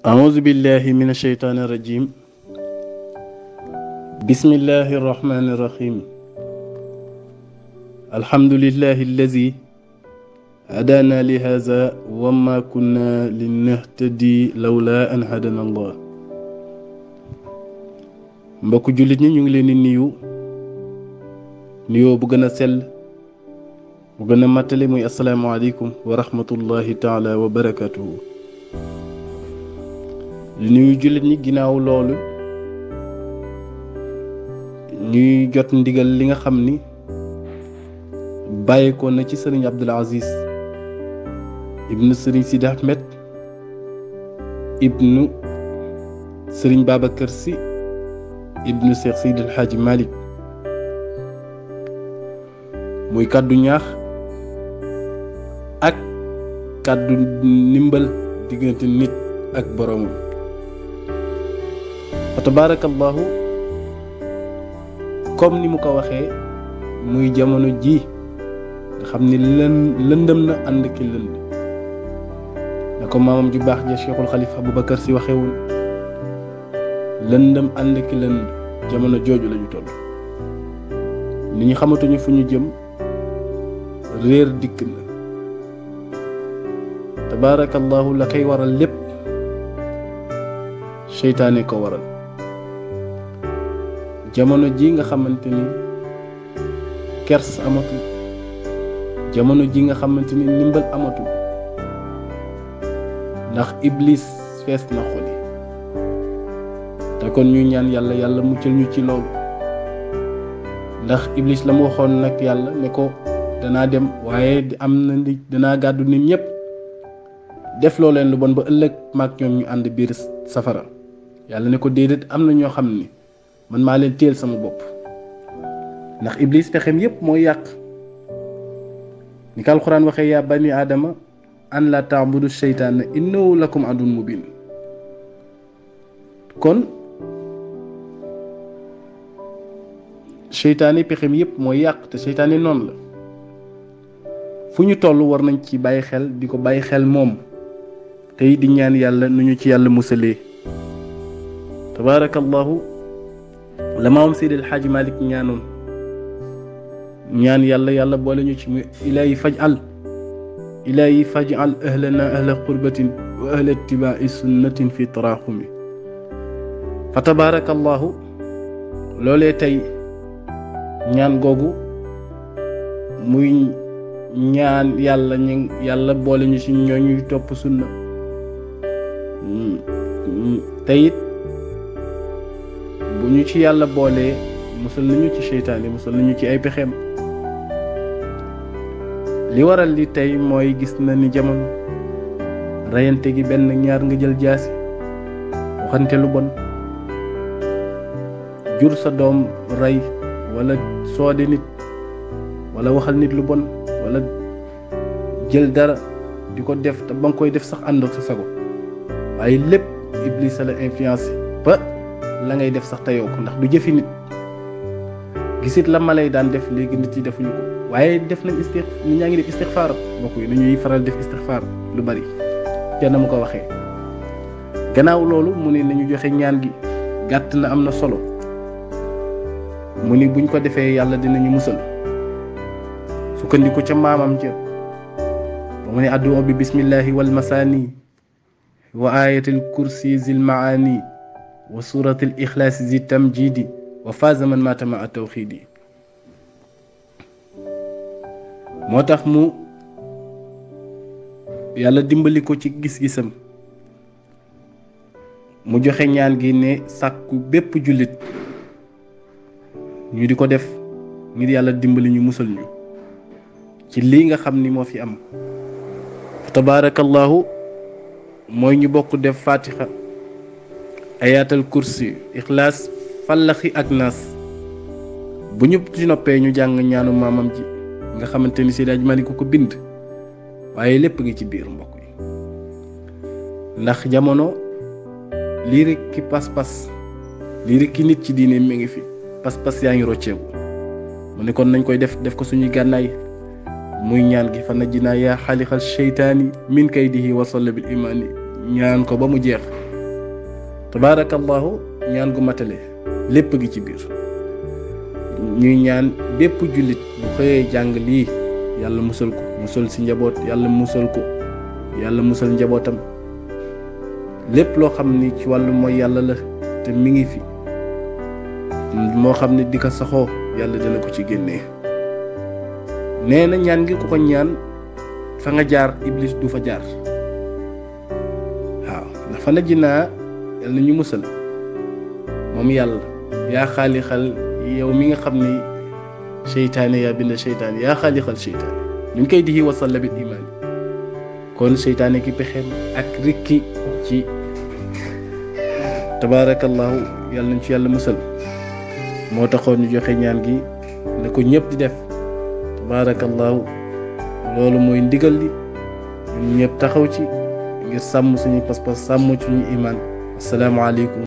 أعوذ بالله من الشيطان الرجيم بسم الله الرحمن الرحيم الحمد لله الذي هدانا لهذا وما كنا لنهتدي لولا أن هدانا الله مبوك جولتني نيو نيو نيو بغنا سل بغنا ماتلي السلام عليكم ورحمة الله تعالى وبركاته di nuyu julit ni ginaaw loolu ñuy jot ndigal li nga xam ni na ci sëriñ abdul aziz ibnu sëriñ sidi ahmed ibnu sëriñ babacar si ibnu cheikh sidi alxaaji malik muy kàddu ñaax ak kàddu nimbal diggante nit ak boromam fa tabaarakallaahu comme ni mu ko waxee muy jamono ji nga xam ni lën lëndëm na ànd ki lënd na ko maamam ju baax ja cheikhul xalifa aboubacar si waxee woon lëndëm ànd ki lënd jamono jooju lañu toll ni ñu xamatuñu fu ñu jëm réer dikk na tabaarakallaahu la koy waral lépp seytaane ko waral jamono ji nga xamanteni kers amatu jamono ji nga xamanteni nimbal amatu ndax iblis fess na xoli ta kon ñu ñaan yalla yalla muccal ñu ci lool ndax iblis la waxon nak yalla ne ko dana dem waye am na ndi danaa gàddu nit ñëpp def lo len lu bon ba ëllëg mak ñom ñu and biir safara yalla ne ko dedet am na ño xamni man maa leen téel sama bopp ndax iblis pexem yépp mooy yàq ni ko alxuraan waxee yaa bani aadama an la taabudu seytaana innahu lakum adun mubin kon seytaane pexem yépp mooy yàq te seytaane noonu la fu ñu toll war nañ ci bàyyi xel di ko bàyyi xel moom tey di ñaan yàlla nu ñu ci yàlla musalee tabaarakallahu la maam Seydi El Hadji Malick ñaanoon ñaan yàlla yàlla boole ñu ci mu ilaahi faj al ilaahi faj al ahlana ahla qurbatin wa ahla ittibaai sunnatin fi taraaxumi fa tabaraka allahu loolee tey ñaan googu muy ñaan yàlla ñu yàlla boole ñu ci ñooñuy topp sunna teyit bu ñu ci yàlla boolee musal nañu ci seytaane musal nañu ci ay pexeem li waral li tey mooy gis na ni jamono reyante gi benn ñaar nga jël jaasi waxante lu bon jur sa doom rey wala soode nit wala waxal nit lu bon wala jël dara di ko def te ba nga koy def sax ànd ak sa sago waaye lépp Iblis influence ba la ngay def sax tayoo ko ndax du jëfi nit gisit la malay daan def léegi nit yi defuñu ko waaye def nañ istix nit ñaa ngi def istixfaar mbokk yi nañuy faral def istixfaar lu bari kenn mu ko waxee gannaaw loolu mu ne nañu joxe ñaan gi gàtt na am solo mu ni buñ ko defee yàlla dinañu musal sukkandiku ca maamam ca ba mu ne addu bi bismillahi wal masani wa ayatil kursi zil maani وسورة الإخلاص زي التمجيد وفاز من مات مع التوحيد موتاخ مو يالا ديمبالي كو تي غيس غيسم مو جوخي نيان غي ني ساكو بيب جوليت ني ديكو ديف ني يالا ديمبالي ني موسل ني تي ليغا خامني مو في ام تبارك الله موي ني بوكو ديف فاتحه Ayatul kursi ikhlas fallaxi ak nas bu ñu ci noppé ñu jang ñaanu mamam ji nga xamanteni ni si ko ko bind waye lepp ngi ci biir mbokk yi ndax jamono lirik ki pas-pas lirik ki nit ci diine mi ngi fi pas-pas ya ngi rocceeku mu ne kon nañ koy def def ko suñu gannaay muy ñaan gi fa najina ya shaytani min kaydihi wa sallabil imani ñaan ko ba mu jeex tabarakallahu ñaan gu matale lepp gi ci bir ñuy ñaan bepp julit bu xeye jang li yalla musul ko musul si njabot yalla musul ko yalla musul njabotam lepp lo xamni ci walu moy yalla la te mi ngi fi mo xamni dika saxo yalla saxoo dana ko ci genné nee ñaan gi ku ko ñaan fa nga jaar iblis du fa jaar waaw fa la jinaa يالا نيو موسال موم يالا يا خالق يو ميغا خامني شيطان يا بن شيطان يا خالق الشيطان نيم كاي ديي وصل بالايمان كون شيطان كي بخيم اك ريكي جي. تبارك الله يالا نتي يالا موسال مو تاخو ني جوخي نيان جي نكو نييب دي ديف تبارك الله لولو موي ندغال دي نييب تاخاو سي ngir sàmm suñuy pas-pas السلام عليكم